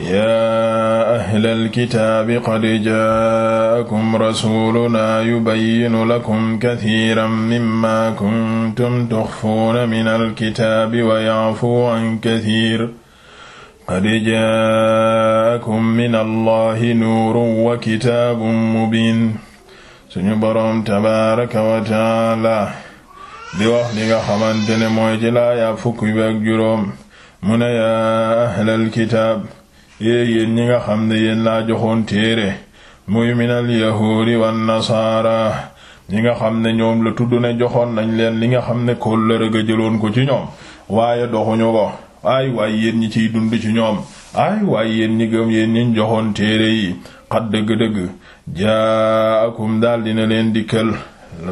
yaa ahlal kitaabi qad jaa'akum rasuulunaa yubayyinu lakum kathiiran mimmaa kuntum tuxfuuna minal kitaabi wa ya'fuu an kathiir qad jaa'akum minallaahi nuurun wa kitaabun mubiin suñu boroom tabaaraka wa ta'aala di wax li nga xamante ne mooy ci laaya fukki ak juróom mu ne yaa ahlal kitaab yée yéen ñi nga xam ne yéen laa joxoon téere muy minal yahuudi wan nasaara ñi nga xam ne ñoom la tudd ne joxoon nañ leen li nga xam ne kóllëre ga jëloon ko ci ñoom waaye doxuñu ko ay waay yéen ñi ciy dund ci ñoom ay waay yéen ñi gëm yéen ñi joxoon téere yi xat dëgg-dëgg jaakum daal dina leen dikkal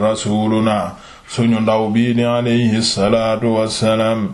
rasuluna suñu ndaw bii di alayhi salaatu wassalaam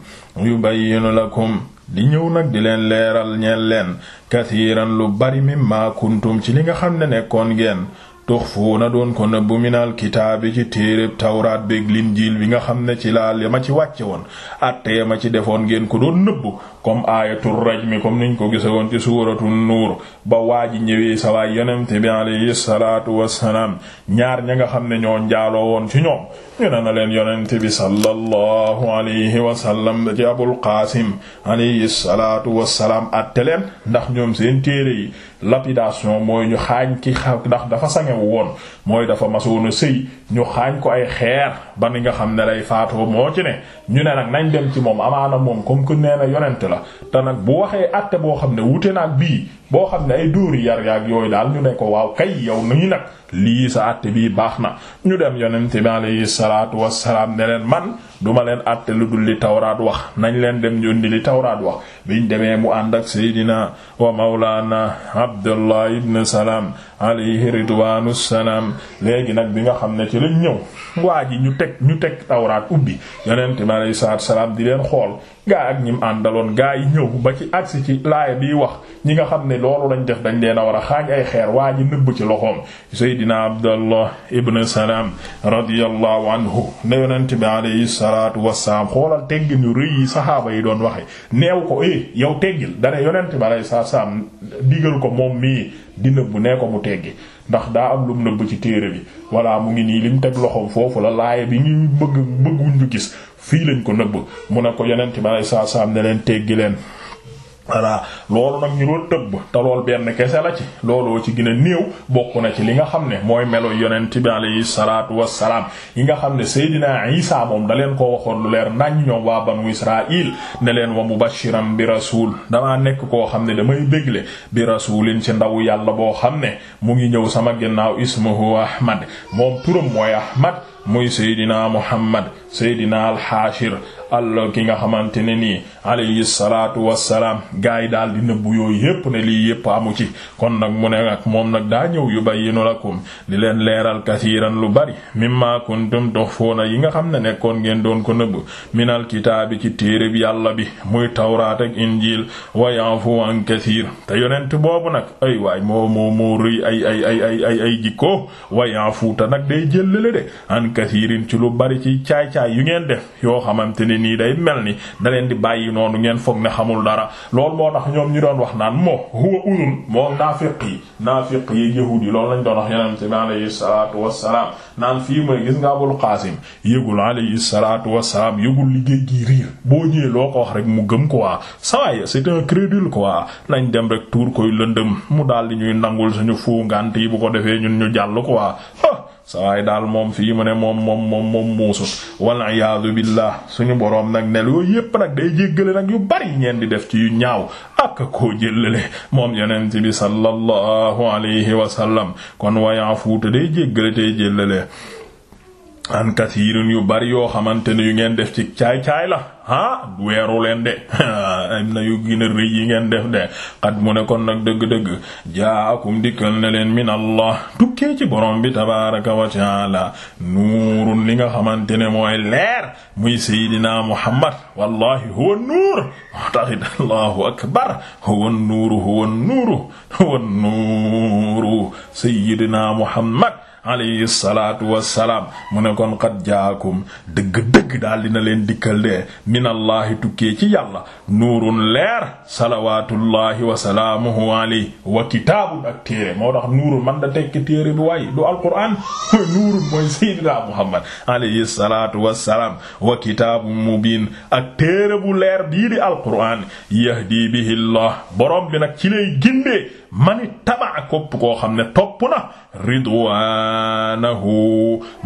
yubayyinu lakum di ñëw nag di leen leeral ñeel leen kathiran lu bari mimma kuntum ci li nga xam ne nekkoon ngeen tuxfuuna doon ko nëbbu minal kitaabi ci téeréb tawraat beeg linjiil bi nga xam ne ci laa li ma ci wàcce woon attee ma ci defoon ngeen ko doon nëbbu comme aayatul rajmi comme niñ ko gisawoon ci suuratul nuur ba waa ji ñëwee sa waay bi alayhi salaatu wassalaam ñaar ña nga xam ne ñoo njaaloo woon ci ñoom ñu ne na leen yonent bi sallallahu alayhi wasallam ci abul qaasim alayhi salaatu wassalaam atte leen ndax ñoom seen téere yi lapidation mooy ñu xaañ ki ndax dafa sangewu woon mooy dafa masoon a sëy ñu xaañ ko ay xeer ba ni nga xam ne lay faatoo moo ci ne ñu ne nag nañ dem ci moom amaana moom comme que nee na yonent la te nag bu waxee àtte boo xam ne wute naag bii boo xam ne ay dóori yar ak yooyu daal ñu ne ko waaw kay yow nii nag lii sa àtte bii baax na ñu dem yonent bi alayhi salaatu wassalaam ne leen man duma leen àtte lu dul li tawraat wax nañ leen dem ñu indi li tawraat wax biñ demee mu ànd ak seydina wa mawlaana abdullah ibn salaam alayhi ridwaanu salaam léegi nag bi nga xam ne ci lañ ñëw waa yi ñu teg ñu teg tawraat ubbi yonent mi alayhi salaatu salaam di leen xool gaa ak ñim àndaloon gaa yi ñëw ba ci agsi ci laaya biy wax ñi nga xam ne loolu lañ def dañ leen a war a xaañ xeer waa ji nëbb ci loxoom seydina abdullah ibn salaam radiyallahu anhu ne yonent bi alayhi salaatu wassalaam xoolal teggin ñu rëy yi saxaaba yi doon waxe neew ko eh yow teggil dane yonent bi alay saa salaam digal ko moom mii di nëbbu nee ko mu teggi ndax daa am lum nëbb ci téere bi walla mu ngi nii lim teg loxoom foofu la laaya bi ñu bëgg bëgguñu gis fii lañ ko nëbb mu ne ko yonent bi alay saa salaam ne leen teggi voilà loolu nag ñu doon tëbb te lool benn kese la ci looloo ci gën a néew bokk na ci li nga xam ne mooy melo yonent bi alayhi salaatu wassalaam yi nga xam ne Seydina Isa moom da leen koo waxoon lu leer naññ ñoom waa banu Israil ne leen wa mubashiran bi rasul damaa nekk koo xam ne damay bégle bi rasulin ci ndaw yàlla boo xam ne mu ngi ñëw sama ginnaaw ismuhu Ahmad moom turam mooy Ahmad muy Seydina Muhammad Seydina al al ki nga xamante ne nii alayhi salaatu wassalaam gars yi daal di nëbbu yooyu yépp ne lii yépp amu ci kon nag mu ne nag moom nag daa ñëw yu bayyinu lakum di leen leeral kasiiran lu bari mimma kuntum tukhfuuna yi nga xam ne nekkoon ngeen doon ko nëbb minal kitaabi ci téere bi yàlla bi muy tawraat ak injiil wa ya'fu an kasiir te yonent boobu nag ay waay moo moo moo ay ay ay ay ay ay jikko wa ya'fu te nag day jëllale de an kasiirin ci lu bari ci caay caay yu nii day mel ni da leen di bàyyi noonu ngeen foog ne xamul dara loolu moo tax ñoom ñu doon wax naan moo huwa udun moom naafiq yi naafiq yi yahuud yi wax yonent bi alayhi salaatu wassalaam naan fii mooy gis nga Abul Qaasim yëgul salaatu wassalaam yëgul liggéey gi riir boo ñëwee loo ko wax rek mu gëm ko quoi sawaaye c'est un crédule quoi nañ dem rek tuur koy lëndëm mu daal di ñuy nangul suñu fuu ngànt yi bu ko defee ñun ñu jàll quoi sawaay daal moom fii mu ne moom moom moom moom muusut wal iyaadu billah suñu boroom nag ne loolu yépp nag day jéggale nag yu bari ñeen di def ci yu ñaaw ak koo jéllale moom yonent bi sallallahu alayhi wa sallam kon wayafuuta day jéggale tey jéllale an kathirin yu bari yoo xamante ne yu ngeen def ci caay-caay la ah weeru leen de am na yu gën a yi ngeen def de xat mu ne nag dëgg-dëgg jaakum dikkal ne leen min allah tukkee ci borom bi tabaraka wa taala nuurun li nga xamante ne mooy leer muy seydina muhammad wallahi huwa nuur taxit allahu akbar huwa nuuru seydina muhammad alayhi salaatu wassalaam mu ne kon xat jaakum dëgg-dëgg daal leen dikkal de minallaahi tukkee ci nuurun leer salawaatullaahi wa salaamuhu alayhi wa kitaabun ak téere moo tax nuurun man da tekki téere bi waaye du alquraan nuurun mooy sayyidina muhammad alayhi wassalaam wa kitaabun mubiin ak téere bu leer bii di alquraan yahdi bihi borom bi nag ci lay gindee mani taba kopp koo xam ne topp na ridwaanahu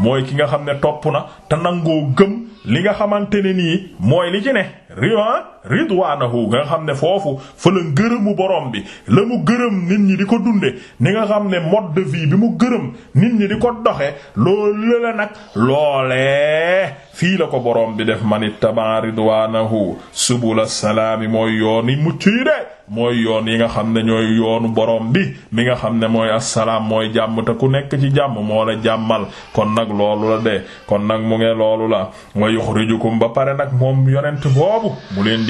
mooy ki nga xam ne topp na te nangoo gëm li nga xamante ne nii mooy li ci ne riwaan ridwaanahu nga xam ne foofu fa la ngërëmu borom bi la mu gërëm nit ñi di ko dunde ni nga xam ne mode de vie bi mu gërëm nit ñi di ko doxe loolu la nag loolee fii la ko borom bi def man ittaba ridwaanahu subula salaami mooy yoon yi mucc yi de mooy yoon yi nga xam ne ñooy yoonu borom bi mi nga xam ne mooy assalaam mooy jàmm te ku nekk ci jàmm moo la jàmmal kon nag loolu la de kon nag mu nge loolu la wa yuxrijukum ba pare nag moom yonent boobu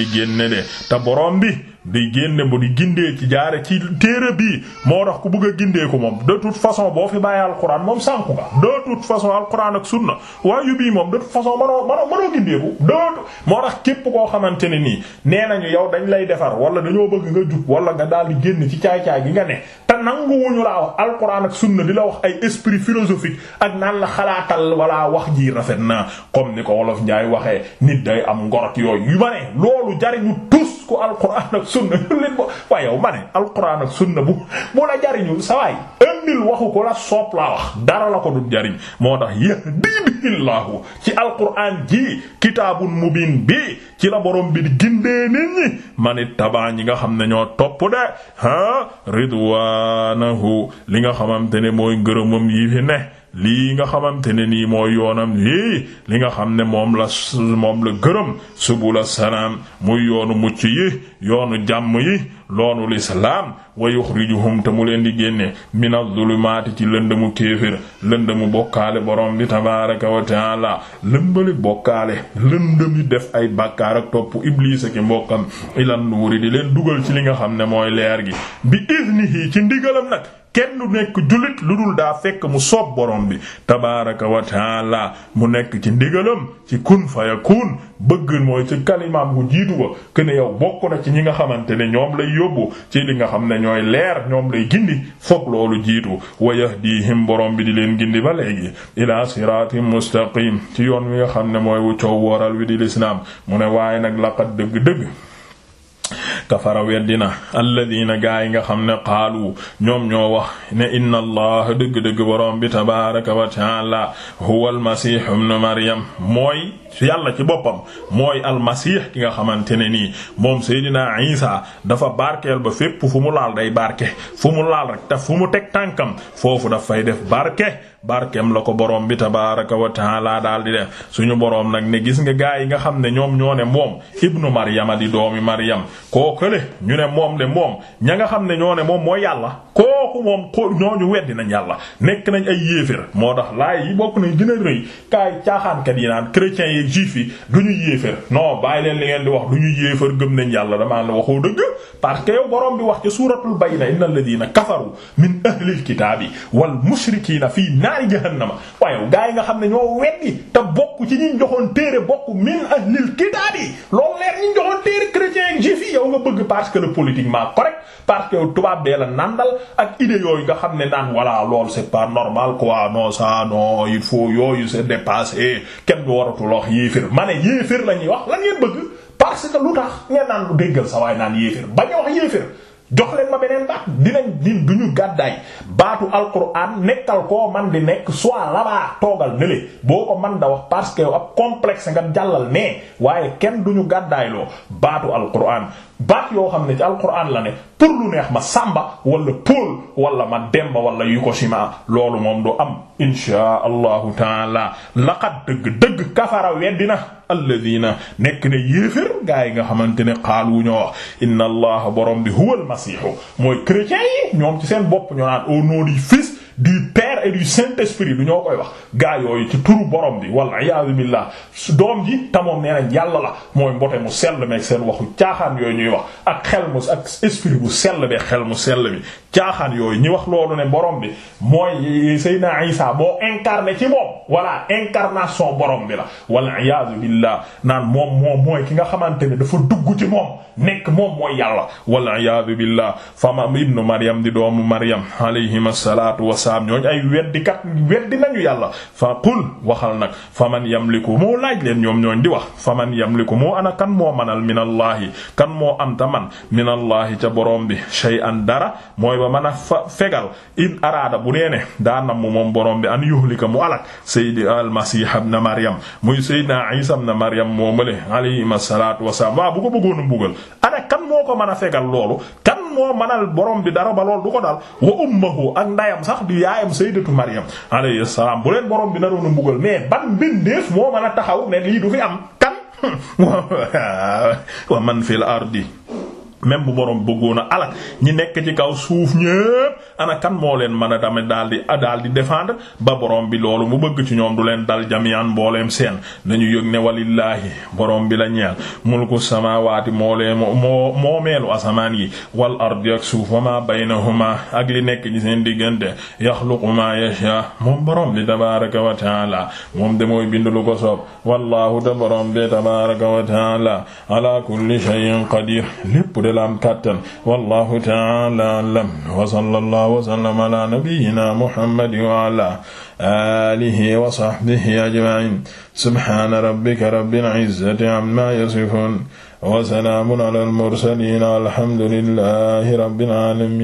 di génne de te borom bi di génne bu di gindee ci jaare ci téere bii moo tax ku bëgg a gindee ko moom de toute façon boo fi bàyyi alxuraan moom sànku nga de toute façon alxuraan ak sunna waaye yu bii moom de toute façon manoo manoo manoo moo tax képp koo xamante ne nii nee nañu yow dañ lay defar wala dañoo bëgg nga jub wala nga daal di génn ci caay gi nga ne te nangu wuñu laa wax alxuraan di la wax ay esprit philosophique ak naan la xalaatal wala wax ji rafet na comme ni ko wolof Njaay waxee am ngor ak sunna yu leen waaye yow ma ne ak sunna bu bu la jariñu sa waay waxu ko la sopp laa wax dara la ko du jariñ moo tax yahdi bihillaahu ci alquran ji kitaabun mubin bi ci la borom bi di gindee nit ñi manit tabaa ñi nga xam ne ñoo topp de ha ridwaanahu li nga xamante ne mooy ngërëmam yi fi ne lii nga xamante ne nii mooy yoonam lii li nga xam ne moom la moom la gërëm subula salaam muy yoonu mucc yi yoonu jàmm yi loonu lislaam wa yuxrijuhum te mu leen di génne min az-zulumaati ci lëndëmu kéefér lëndëmu bokkaale borom bi tabaraka wa taala lëmbali bokkaale lëndëmi def ay bàkkaar ak topp iblis ak mbokkam ilan nuuri di leen dugal ci li nga xam ne mooy leer gi bi iznihi ci ndigalam nag kenn du nekk jullit lu dul daa fekk mu soob borom bi tabaaraka wa mu nekk ci ndigalam ci kun fayakun bëgg mooy ci kalimaam bu jiitu ko que ne yow bokk na ci ñi nga xamante ne ñoom lay yóbbu ci li nga xam ne ñooy leer ñoom lay gindi foog loolu jiitu waya yahdihim borom bi di leen gindi ba léegi ila siratim mustaqim ci yoon wi nga xam ne mooy wu coow waral wi di lislaam mu ne waaye nag laqad dëgg-dëgg kafara weddina alladina gaa yi nga xam ne xaalu ñoom ñoo wax ne inna allah dëgg-dëgg borom bi tabaraka wa taala huwa almasih ibn maryam mooy yàlla ci boppam mooy almasih ki nga xamante ne nii moom seydina isa dafa barkeel ba fépp fu mu laal day barke fu mu laal fu mu teg tànkam foofu daf def barke barkeem la ko boroom bi tabaaraka wa taala daal di def suñu boroom nag ne gis nga gaa yi nga xam ne ñoom ñoo ne moom ibnu Maryama di doomi Maryam koo kële ñu ne moom de moom ña nga xam ne ñoo ne moom moo yàlla koo kooku moom xo ñooñu weddi nañ yàlla nekk nañ ay yéefér moo tax laay yi bokk nañ gën a rëy kaay caaxaankat yi naan chrétiens yi juifs yi du ñu yéefér no bàyyi leen li ngeen di wax du ñu yéefér gëm nañ yàlla damaa la waxoo dëgg parce que yow borom bi wax ci suuratul bayna innal ladina kafaru min ahlil kitaabi wal mushrikiina fii naari jahannama waaye gaa yi nga xam ne ñoo weddi te bokk ci ñi joxoon téere bokk min ahlil kitaabi loolu leer ñi joxoon que le politiquement correct parce que yow tubaab bee idée yooyu nga xam ne naan voilà loolu c'est pas normal quoi non ça non il faut yooyu c'est dépassé kenn du waratul wax yéefir ma ne yéefir la ñuy wax lan bëgg parce que lu tax ngeen naan lu déggal sa naan yéefir bañ a wax yéefir jox ma beneen baat dinañ din du ñu gàddaay baatu alquran nekkal koo man di nekk soit labaa toogal ne boo ko man da wax parce que ab complexe nga jàllal nee waaye kenn duñu ñu gàddaayloo baatu alquran baat yoo xam ne ci alquran la ne pour lu neex ma sàmba wala Paul wala ma demba wala yu ko sima loolu moom du am inshaa allahu taala laqad dëgg-dëgg kafara weddina alladina nekk ne yéefér yi nga xamante ne xaalu ñoo wax inna allah borom bi huwa almasihu mooy chrétiens ñoom ci seen bopp ñoo naan au nom du Père et du Saint-Esprit du ñoo koy wax gaa yooyu ci turu borom bi wala iyaazu billah doom ji tamoom nee nañ yàlla la mooy mbote mu sell meeg seen waxu caaxaan yooyu ñuy wax ak xel mu ak esprit bu sell bi xel mu sell bi caaxaan yooyu ñi wax loolu ne borom bi mooy Seydina Isa moo incarné ci moom voilà incarnation borom bi la wala iyaazu billah naan moom moom mooy ki nga xamante ne dafa dugg ci moom nekk moom mooy yàlla wala iyaazu billah wa aqsaam ñooñ ay weddikat weddi nañu yàlla fa qul waxal nag fa man yamliku moo laaj leen ñoom ñooñ di wax fa man yamliku moo ana kan moo manal minallaahi kan moo am ta man minallaahi ca borom bi shay'an dara mooy ba mën a fa fegal in araada bu nee ne daa nam mu moom borom bi an yuhlika mu alak sayyidi al-masiih ibn maryam muy sayyidina isa ibn maryam moomale alayhi salaatu wasalaam waa bu ko bëggoonu mbugal ko mën a fegal loolu kan moo mënal boroom bi dara ba lool du ko daal wa ummuhu ak ndayam sax di yaayam sayyidatu Maryam alayhi salaam bu leen borom bi naroon a mbugal mais ban mbindeef moo man a taxaw ne lii du fi am kan wa man fil ardi même bu borom bëggoon a alak ñi nekk ci kaw suuf ñépp ana kan moo leen mën a tamit daal di daal di défendre ba borom bi loolu mu bëgg ci ñoom du leen dal jamian mbooleem seen nañu yëg ne walillaahi boroom bi la ñeel mulku samaawaati moo leen moo moo meelu asamaan yi wal ardi ak suuf wa ma baynahuma ak li nekk ci seen diggante yaxluqu ma yasha moom boroom bi tabaaraka wa taala moom de mooy bind ko soob wallahu te borom bi wa taala ala kulli shay'in qadir te la am kàttan wallahu ta'ala a'lam wa sallallahu wa sallama ala nabiyyina muhammad wa ala alihi wa sahbihi ajma'in subhana rabbika rabbil izzati amma yasifun wa salamun ala al mursalin alhamdulillahi rabbil alamin